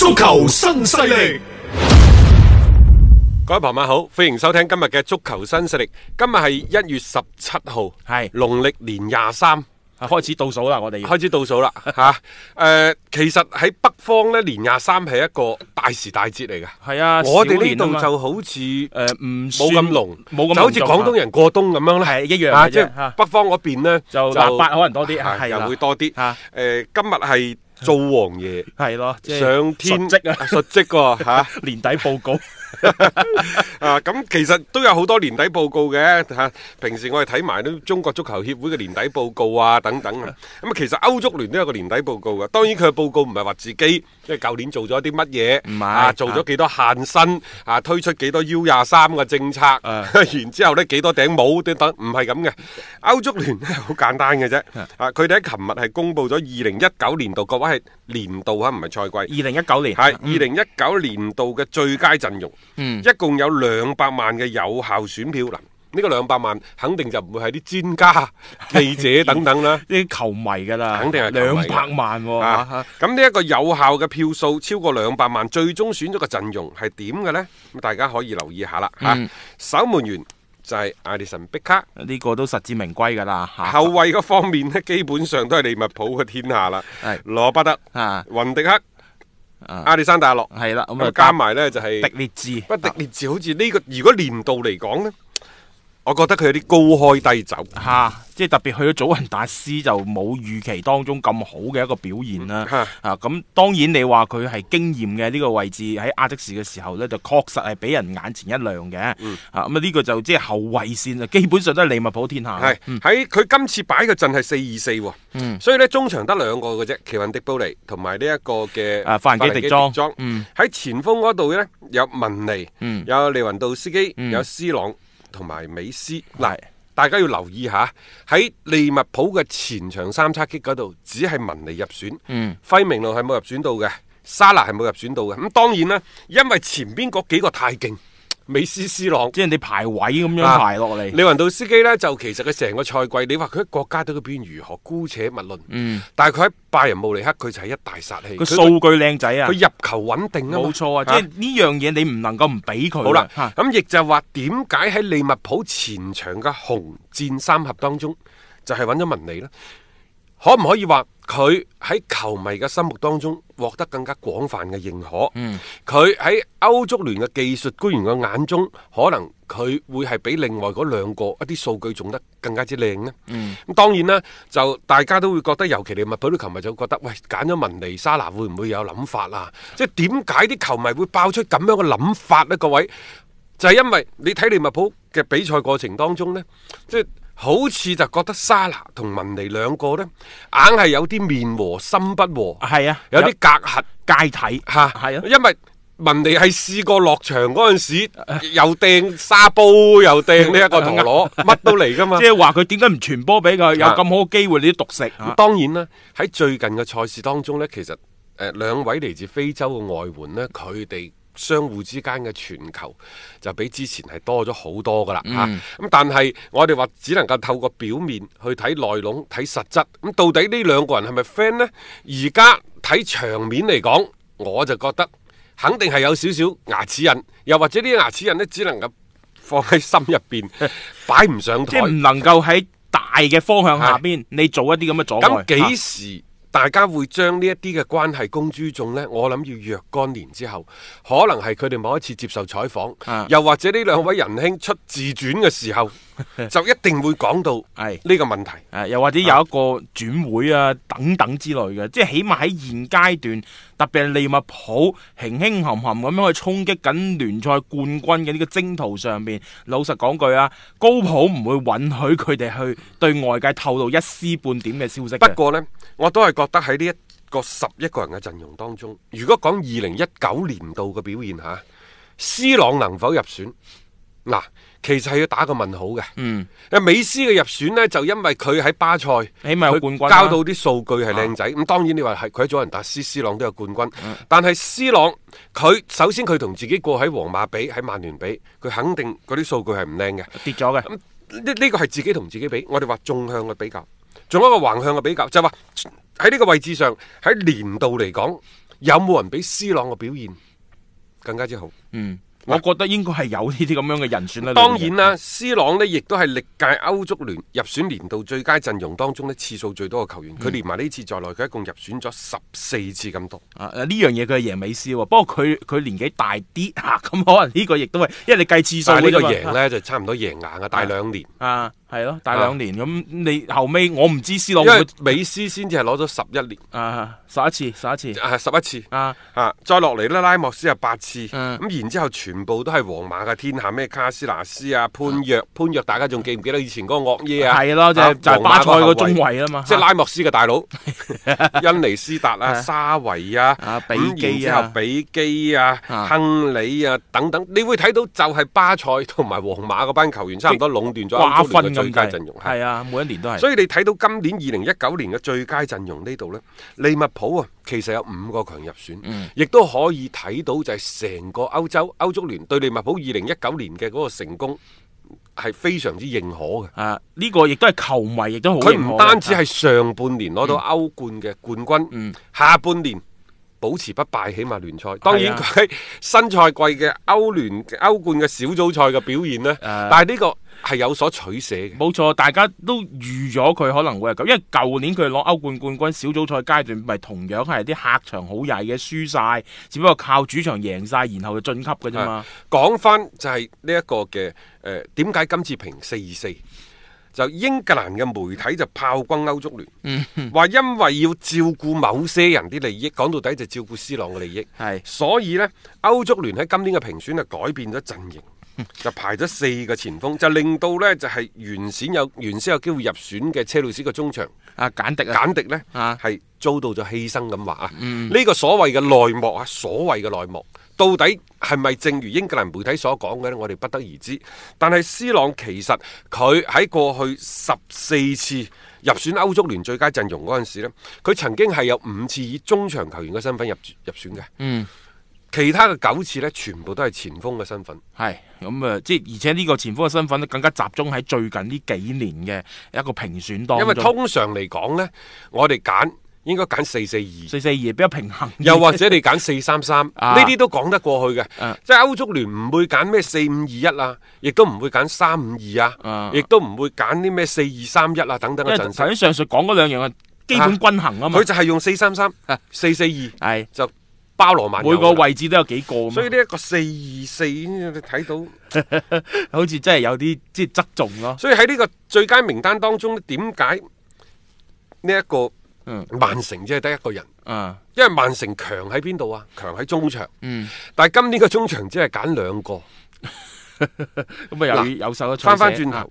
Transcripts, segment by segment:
足球新勢力，各位朋友好，歡迎收聽今日嘅足球新勢力。今日係一月十七號，係農曆年廿三開始倒數啦，我哋要開始倒數啦吓。誒，其實喺北方咧，年廿三係一個大時大節嚟㗎，係啊。我哋呢度就好似誒，唔冇咁濃，冇就好似廣東人過冬咁樣咧，係一樣。即係北方嗰邊咧，就臘八可能多啲，又會多啲吓。誒，今日係。做王爺係咯，就是、上天述職啊，啊，述職吓，年底報告。 啊，咁其實都有好多年底報告嘅吓，啊，平時我哋睇埋啲中國足球協會嘅年底報告啊，等等啊。咁啊，其實歐足聯都有個年底報告嘅，當然佢嘅報告唔係話自己，即係舊年做咗啲乜嘢，是啊，做咗幾多限薪，啊，推出幾多 U 廿三嘅政策，uh, 然之後咧幾多頂帽等等，唔係咁嘅。歐足聯咧好簡單嘅啫，啊，佢哋喺琴日係公布咗二零一九年度各位。係。年度啊，唔係賽季。二零一九年係二零一九年度嘅最佳陣容，嗯，一共有兩百萬嘅有效選票。嗱，呢個兩百萬肯定就唔會係啲專家、記者等等啦，呢啲球迷㗎啦，肯定係兩百萬喎。咁呢一個有效嘅票數超過兩百萬，最終選咗個陣容係點嘅呢？大家可以留意下啦，嚇守門員。就係艾迪神碧卡，呢個都實至名歸噶啦。後衛嗰方面咧，基本上都係利物浦嘅天下啦。係羅伯特、啊，雲迪克、啊，阿里山大、大陸、啊，係啦、就是。咁啊加埋咧就係迪列治，不迪列治好似呢、這個如果年度嚟講咧。我覺得佢有啲高開低走嚇，即係特別去咗祖雲達斯就冇預期當中咁好嘅一個表現啦。啊，咁當然你話佢係經驗嘅呢個位置喺亞積士嘅時候呢，就確實係俾人眼前一亮嘅。啊，咁啊呢個就即係後衛線啊，基本上都係利物浦天下。係喺佢今次擺嘅陣係四二四，所以呢中場得兩個嘅啫，奇雲迪布尼同埋呢一個嘅啊范基迪莊。喺前鋒嗰度呢，有文尼，有利雲道司基，有斯朗。同埋美斯，嗱，的大家要留意下，喺利物浦嘅前場三叉戟嗰度，只係文尼入選，嗯、輝明路係冇入選到嘅，沙拿係冇入選到嘅，咁、嗯、當然啦，因為前邊嗰幾個太勁。美斯、C 朗，即係你排位咁樣排落嚟、啊。利雲道斯基呢，就其實佢成個賽季，你話佢喺國家隊嗰邊如何姑且勿論。嗯，但係佢喺拜仁慕尼克，佢就係一大殺器。佢數據靚就仔啊，佢入球穩定錯啊，冇錯啊。即係呢樣嘢、啊，你唔能夠唔俾佢。好啦，咁亦、啊、就係話，點解喺利物浦前場嘅紅箭三俠當中，就係揾咗文尼呢？可唔可以話佢喺球迷嘅心目當中，獲得更加廣泛嘅認可，嗯，佢喺歐足聯嘅技術官員嘅眼中，可能佢會係比另外嗰兩個一啲數據仲得更加之靚呢，嗯，咁當然啦，就大家都會覺得，尤其利物浦啲球迷就覺得，喂，揀咗文尼沙拿會唔會有諗法啊？即係點解啲球迷會爆出咁樣嘅諗法呢？各位就係因為你睇利物浦嘅比賽過程當中呢，即係。好似就覺得沙拿同文尼兩個呢，硬係有啲面和心不和。係啊，有啲隔閡界體吓。係啊，啊因為文尼係試過落場嗰陣時，啊、又掟沙煲，又掟呢一個陀螺，乜 都嚟噶嘛。即係話佢點解唔傳波俾佢？有咁好嘅機會你讀，你獨食。啊、當然啦，喺最近嘅賽事當中呢，其實誒兩、呃、位嚟自非洲嘅外援呢，佢哋。相互之間嘅傳球就比之前係多咗好多噶啦吓，咁、嗯啊、但係我哋話只能夠透過表面去睇內籠睇實質，咁到底呢兩個人係咪 friend 呢？而家睇場面嚟講，我就覺得肯定係有少少牙齒印，又或者啲牙齒印呢，只能夠放喺心入邊，擺 唔上台，即係唔能夠喺大嘅方向下邊的你做一啲咁嘅阻礙。咁幾時、啊？大家會將呢一啲嘅關係公諸眾呢，我諗要若干年之後，可能係佢哋某一次接受採訪，啊、又或者呢兩位仁兄出自傳嘅時候。 就一定會講到係呢 是個問題，誒，又或者有一個轉會啊，等等之類嘅，是即係起碼喺現階段，特別係利物浦輕輕含含咁樣去衝擊緊聯賽冠軍嘅呢個征途上面。老實講句啊，高普唔會允許佢哋去對外界透露一絲半點嘅消息。不過呢，我都係覺得喺呢一個十一個人嘅陣容當中，如果講二零一九年度嘅表現吓、啊，斯朗能否入選？嗱、啊。其實係要打個問號嘅。嗯，阿美斯嘅入選呢，就因為佢喺巴塞，起碼有冠軍，佢交、啊、到啲數據係靚仔。咁、啊、當然你話係佢喺祖雲達斯、C 朗都有冠軍，嗯、但係 C 朗佢首先佢同自己過喺皇馬比，喺曼聯比，佢肯定嗰啲數據係唔靚嘅，跌咗嘅。咁呢呢個係自己同自己比，我哋話縱向嘅比較，仲有一個橫向嘅比，比較，就話喺呢個位置上，喺年度嚟講，有冇人比 C 朗嘅表現更加之好？嗯。我覺得應該係有呢啲咁樣嘅人選啦。當然啦，C 朗呢亦都係歷屆歐足聯入選年度最佳陣容當中呢，次數最多嘅球員。佢連埋呢次在內，佢一共入選咗十四次咁多。啊，呢樣嘢佢係贏美斯喎。不過佢佢年紀大啲吓，咁可能呢個亦都係，因為你計次數呢個贏呢，就差唔多贏硬啊，大兩年啊。係咯，大兩年咁，你後尾我唔知斯諾，因為美斯先至係攞咗十一年，啊十一次，十一次，啊十一次，啊啊再落嚟咧，拉莫斯係八次，咁然之後全部都係皇馬嘅天下，咩卡斯拿斯啊、潘若潘若，大家仲記唔記得以前嗰個惡耶啊？係咯，就就巴塞個中衛啊嘛，即係拉莫斯嘅大佬，恩尼斯達啊、沙維啊、比基啊、亨利啊等等，你會睇到就係巴塞同埋皇馬嗰班球員差唔多壟斷咗。最佳陣容係啊，每一年都係。所以你睇到今年二零一九年嘅最佳陣容呢度呢，利物浦啊，其實有五個強入選，亦都、嗯、可以睇到就係成個歐洲歐足聯對利物浦二零一九年嘅嗰個成功係非常之認可嘅。啊，呢、呢個亦都係球迷亦都好，佢唔單止係上半年攞到歐冠嘅冠軍，嗯嗯、下半年。保持不敗，起碼聯賽。當然佢新賽季嘅歐聯、歐冠嘅小組賽嘅表現呢，啊、但係呢個係有所取捨。冇錯，大家都預咗佢可能會係咁，因為舊年佢攞歐冠冠軍，小組賽階段咪同樣係啲客場好曳嘅輸晒，只不過靠主場贏晒，然後就晉級嘅啫嘛。講翻、啊、就係呢一個嘅誒，點、呃、解今次平四二四。就英格蘭嘅媒體就炮轟歐足聯，話、嗯、因為要照顧某些人啲利益，講到底就照顧斯朗嘅利益。係是，所以咧，歐足聯喺今年嘅評選啊改變咗陣營，就排咗四個前鋒，就令到呢就係原先有原先有機會入選嘅車路士嘅中場啊簡迪啊，簡迪咧係、啊、遭到咗犧牲咁話啊。呢、嗯、個所謂嘅內幕啊，所謂嘅內幕。到底係咪正如英格蘭媒體所講嘅咧？我哋不得而知。但係斯朗其實佢喺過去十四次入選歐足聯最佳陣容嗰陣時咧，佢曾經係有五次以中場球員嘅身份入入選嘅、嗯。嗯，其他嘅九次呢，全部都係前鋒嘅身份。係咁啊！即而且呢個前鋒嘅身份咧，更加集中喺最近呢幾年嘅一個評選當中。因為通常嚟講呢，我哋揀。應該揀四四二，四四二比較平衡。又或者你揀四三三，呢啲都講得過去嘅。即係歐足聯唔會揀咩四五二一啊，亦都唔會揀三五二啊，亦都唔會揀啲咩四二三一啊等等陣。因為喺上述講嗰兩樣嘅基本均衡啊嘛，佢、啊、就係用四三三、四四二，係就包羅萬有，每個位置都有幾個嘛。所以呢一個四二四，你睇到好似真係有啲即係側重咯。所以喺呢個最佳名單當中，點解呢一個？嗯、曼城只係得一個人，啊，因為曼城強喺邊度啊？強喺中場，嗯，但係今年個中場只係揀兩個，咁啊 有翻翻轉頭，啊、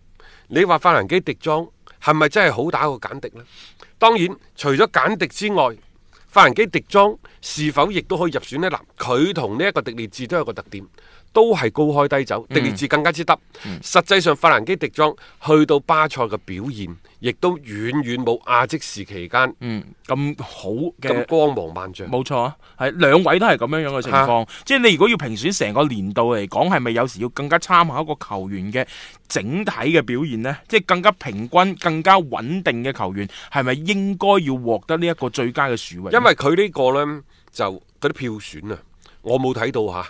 你話法蘭基迪莊係咪真係好打過簡迪呢？當然，除咗簡迪之外，法蘭基迪莊是否亦都可以入選呢？嗱，佢同呢一個迪烈志都有個特點。都係高開低走，嗯、迪利志更加之得。嗯、實際上，法蘭基迪莊去到巴塞嘅表現，亦都遠遠冇阿積士期間咁、嗯、好嘅光芒萬丈。冇錯啊，係兩位都係咁樣樣嘅情況。即係你如果要評選成個年度嚟講，係咪有時要更加參考一個球員嘅整體嘅表現呢？即係更加平均、更加穩定嘅球員，係咪應該要獲得呢一個最佳嘅殊榮？因為佢呢個呢，就嗰啲票選啊，我冇睇到吓。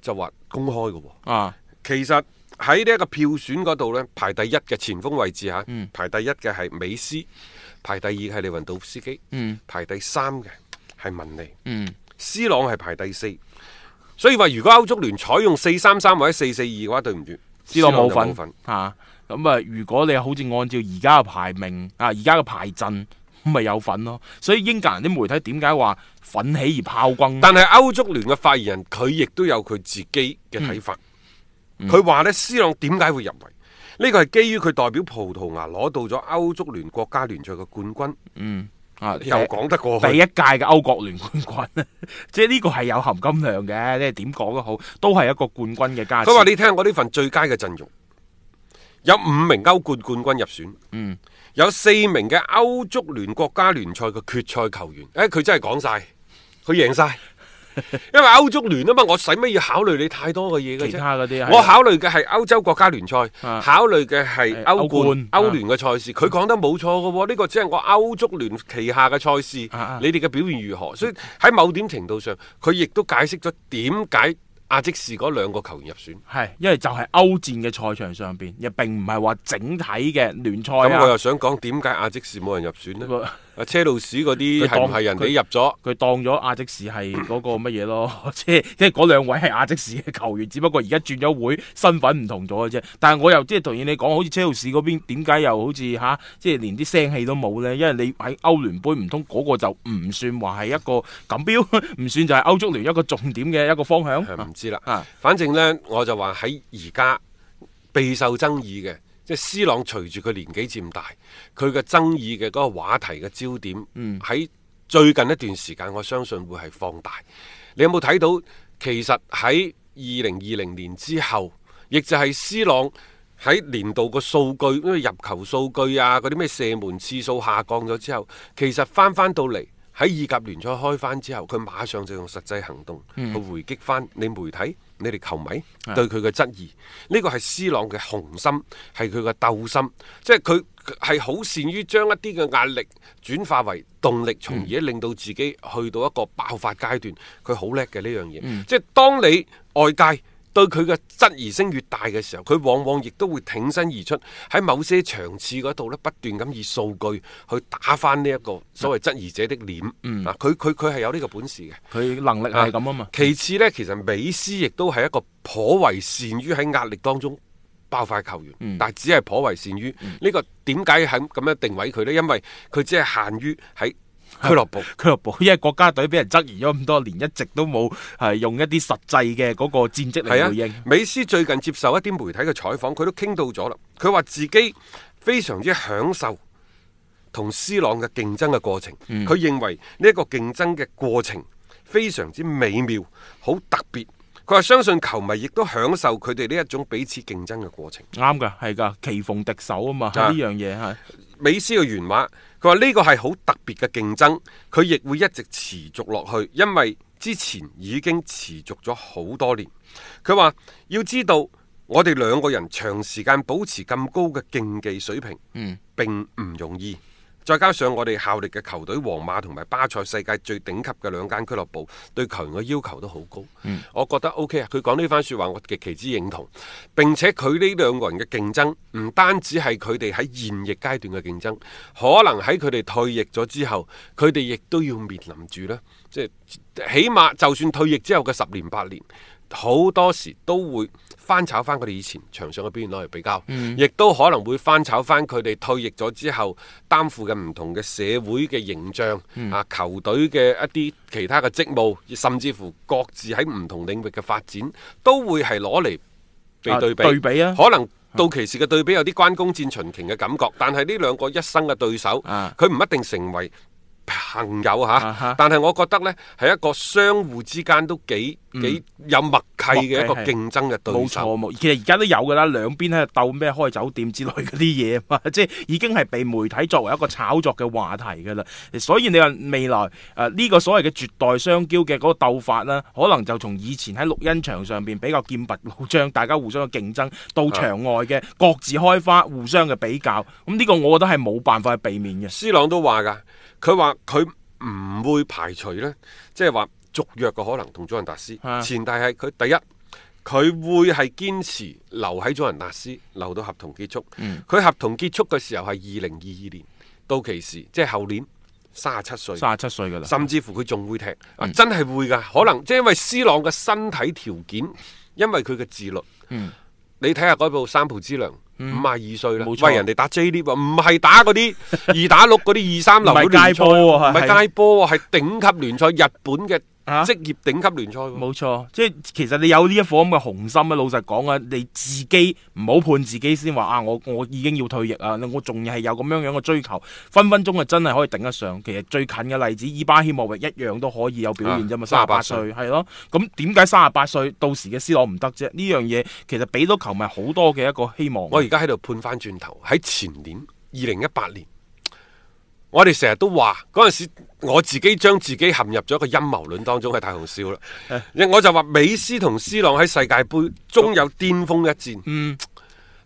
就話公開嘅，啊，其實喺呢一個票選嗰度呢，排第一嘅前鋒位置吓，嗯、排第一嘅係美斯，排第二係利雲度夫斯基，嗯、排第三嘅係文尼，嗯、C 朗係排第四。所以話如果歐足聯採用四三三或者四四二嘅話，對唔住，C 朗冇份吓。咁啊，如果你好似按照而家嘅排名啊，而家嘅排陣。咪有份咯，所以英格蘭啲媒體點解話奮起而炮轟？但係歐足聯嘅發言人佢亦都有佢自己嘅睇法。佢話、嗯嗯、呢，C 朗點解會入圍呢、這個係基於佢代表葡萄牙攞到咗歐足聯國家聯賽嘅冠軍？嗯啊，又講得過去、呃、第一屆嘅歐國聯冠軍，即係呢個係有含金量嘅。即係點講都好，都係一個冠軍嘅加持。佢話你聽我呢份最佳嘅陣容，有五名歐冠冠軍入選。嗯。有四名嘅歐足聯國家聯賽嘅決賽球員，誒、欸，佢真係講晒，佢贏晒，因為歐足聯啊嘛，我使乜要考慮你太多嘅嘢嘅啫，其他嗰啲，我考慮嘅係歐洲國家聯賽，啊、考慮嘅係歐冠、歐聯嘅賽事，佢講、啊、得冇錯嘅，呢、這個只係我歐足聯旗下嘅賽事，啊、你哋嘅表現如何，所以喺某點程度上，佢亦都解釋咗點解。亞積士嗰兩個球員入選，係，因為就係歐戰嘅賽場上邊，又並唔係話整體嘅聯賽啊。咁我又想講點解亞積士冇人入選呢？ 啊，車路士嗰啲係唔係人哋入咗？佢當咗亞積士係嗰個乜嘢咯？ 即係即係嗰兩位係亞積士嘅球員，只不過而家轉咗會，身份唔同咗嘅啫。但係我又即係同意你講，好似車路士嗰邊點解又好似嚇、啊，即係連啲聲氣都冇咧？因為你喺歐聯杯唔通嗰個就唔算話係一個錦標，唔 算就係歐足聯一個重點嘅一個方向。唔知啦，啊、反正呢，我就話喺而家備受爭議嘅。即係 C 朗隨住佢年紀漸大，佢嘅爭議嘅嗰、嗰個話題嘅焦點，喺、嗯、最近一段時間，我相信會係放大。你有冇睇到？其實喺二零二零年之後，亦就係 C 朗喺年度個數據，因為入球數據啊，嗰啲咩射門次數下降咗之後，其實翻翻到嚟喺二甲聯賽開翻之後，佢馬上就用實際行動、嗯、去回擊翻你媒體。你哋球迷對佢嘅質疑，呢個係 C 朗嘅雄心，係佢嘅鬥心，即係佢係好善於將一啲嘅壓力轉化為動力，從而令到自己去到一個爆發階段。佢好叻嘅呢樣嘢，這個嗯、即係當你外界。對佢嘅質疑聲越大嘅時候，佢往往亦都會挺身而出，喺某些場次嗰度咧，不斷咁以數據去打翻呢一個所謂質疑者的臉。嗯，佢佢佢係有呢個本事嘅，佢能力係咁啊嘛。其次呢，其實美斯亦都係一個頗為善於喺壓力當中爆發球員，嗯、但係只係頗為善於呢、嗯、個點解肯咁樣定位佢呢？因為佢只係限於喺。俱樂部，俱樂部，因為國家隊俾人質疑咗咁多年，一直都冇係用一啲實際嘅嗰個戰績嚟回應。係啊，美斯最近接受一啲媒體嘅採訪，佢都傾到咗啦。佢話自己非常之享受同 C 朗嘅競爭嘅過程。佢、嗯、認為呢一個競爭嘅過程非常之美妙，好特別。佢話相信球迷亦都享受佢哋呢一種彼此競爭嘅過程。啱噶，係噶，棋逢敵手啊嘛，呢樣嘢係，美斯嘅原話。佢話呢個係好特別嘅競爭，佢亦會一直持續落去，因為之前已經持續咗好多年。佢話要知道，我哋兩個人長時間保持咁高嘅競技水平，嗯，並唔容易。再加上我哋效力嘅球隊皇馬同埋巴塞，世界最頂級嘅兩間俱樂部，對球員嘅要求都好高。嗯、我覺得 OK 啊，佢講呢番說話，我極其之認同，並且佢呢兩個人嘅競爭唔單止係佢哋喺現役階段嘅競爭，可能喺佢哋退役咗之後，佢哋亦都要面臨住咧。即係起碼就算退役之後嘅十年八年，好多時都會。翻炒翻佢哋以前場上嘅表現攞嚟比較，亦、嗯、都可能會翻炒翻佢哋退役咗之後擔負嘅唔同嘅社會嘅形象、嗯、啊，球隊嘅一啲其他嘅職務，甚至乎各自喺唔同領域嘅發展，都會係攞嚟對比、啊、對比啊。可能到期時嘅對比有啲關公戰秦瓊嘅感覺，的但係呢兩個一生嘅對手，佢唔、啊、一定成為。朋友吓，但係我覺得呢，係一個相互之間都幾、嗯、幾有默契嘅一個競爭嘅對手。冇錯。其實而家都有㗎啦，兩邊喺度鬥咩開酒店之類嗰啲嘢，嘛，即係已經係被媒體作為一個炒作嘅話題㗎啦。所以你話未來誒呢、呃這個所謂嘅絕代雙驕嘅嗰個鬥法啦，可能就從以前喺綠茵場上邊比較劍拔弩張，大家互相嘅競爭到場外嘅各自開花，互相嘅比較，咁、嗯、呢、這個我覺得係冇辦法去避免嘅。師朗都話噶。佢話佢唔會排除呢，即係話續約嘅可能同祖雲達斯，的前提係佢第一，佢會係堅持留喺祖雲達斯，留到合同結束。佢、嗯、合同結束嘅時候係二零二二年到期時，即係後年三十七歲。三十七歲噶啦，甚至乎佢仲會踢啊！真係會噶，嗯、可能即係因為 C 朗嘅身體條件，因為佢嘅自律。嗯、你睇下嗰部《三浦知良》。五啊二歲啦，冇錯，喂，人哋打 J 聯賽，唔係打嗰啲二打六嗰啲二三流街波，啊，唔係街波，啊，係頂級聯賽，日本嘅。職、啊、業頂級聯賽，冇錯，即係、就是、其實你有呢一顆咁嘅雄心咧。老實講啊，你自己唔好判自己先話啊，我我已經要退役啊，我仲係有咁樣樣嘅追求，分分鐘啊真係可以頂得上。其實最近嘅例子，伊巴希莫域一樣都可以有表現啫嘛。三十八歲係咯，咁點解三十八歲到時嘅 C 羅唔得啫？呢樣嘢其實俾到球迷好多嘅一個希望。我而家喺度判翻轉頭，喺前年二零一八年。我哋成日都話嗰陣時，我自己將自己陷入咗一個陰謀論當中，係太好笑啦。我就話美斯同斯朗喺世界杯終有巔峰一戰。嗯，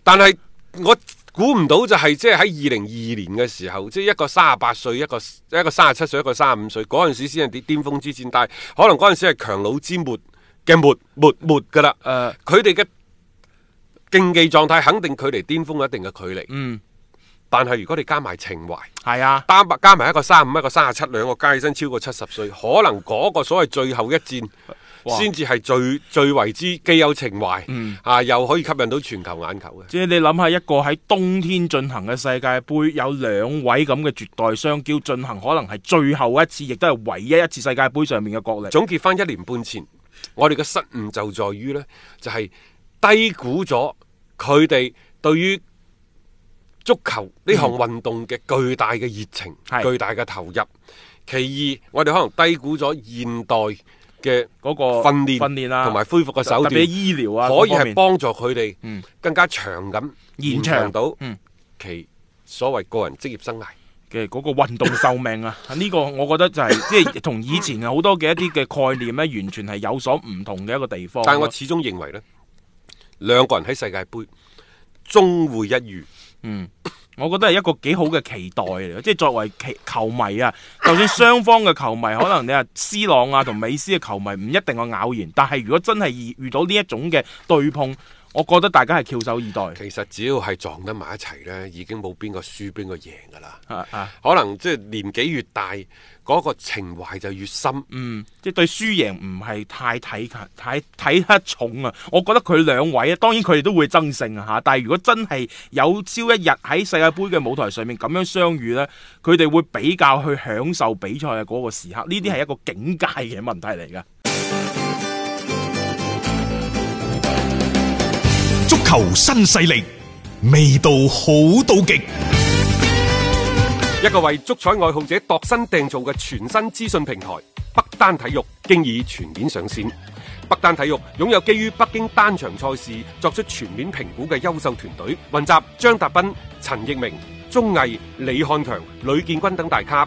但係我估唔到就係即係喺二零二年嘅時候，即係一個三十八歲，一個一個三十七歲，一個三十五歲嗰陣時先係啲巔峰之戰。但係可能嗰陣時係強弩之末嘅末末末噶啦。誒，佢哋嘅競技狀態肯定距離巔峰有一定嘅距離。嗯。但係，如果你加埋情懷，係啊，單百加埋一個卅五、一個卅七、兩個加起身超過七十歲，可能嗰個所謂最後一戰，先至係最最為之既有情懷，嗯、啊，又可以吸引到全球眼球嘅。即係你諗下，一個喺冬天進行嘅世界盃，有兩位咁嘅絕代雙驕進行，可能係最後一次，亦都係唯一一次世界盃上面嘅角力。總結翻一年半前，我哋嘅失誤就在於呢，就係、是、低估咗佢哋對於足球呢項運動嘅巨大嘅熱情，巨大嘅投入。其二，我哋可能低估咗現代嘅嗰個訓練、訓練啊，同埋恢復嘅手段，特別醫療啊，可以係幫助佢哋更加長咁延長到其所謂個人職業生涯嘅嗰個運動壽命啊。呢個我覺得就係即係同以前嘅好多嘅一啲嘅概念呢，完全係有所唔同嘅一個地方。但係我始終認為呢，兩個人喺世界杯終會一遇。嗯，我覺得係一個幾好嘅期待嚟，即係作為其球迷啊。就算雙方嘅球迷，可能你話 C 朗啊同美斯嘅球迷唔一定係偶然，但係如果真係遇到呢一種嘅對碰，我覺得大家係翹首以待。其實只要係撞得埋一齊咧，已經冇邊個輸邊個贏噶啦。啊啊，可能即係年紀越大，嗰個情懷就越深。嗯，即係對輸贏唔係太睇太睇得重啊。我覺得佢兩位啊，當然佢哋都會爭勝啊吓。但係如果真係有朝一日喺世界杯嘅舞台上面咁樣相遇咧，佢哋會比較去享。受比賽嘅嗰個時刻，呢啲係一個境界嘅問題嚟噶。足球新勢力味道好到極，一個為足彩愛好者度身訂造嘅全新資訊平台北單體育，經已全面上線。北單體育擁有基於北京單場賽事作出全面評估嘅優秀團隊，雲集張達斌、陳奕明、鍾毅、李漢強、呂建軍等大咖。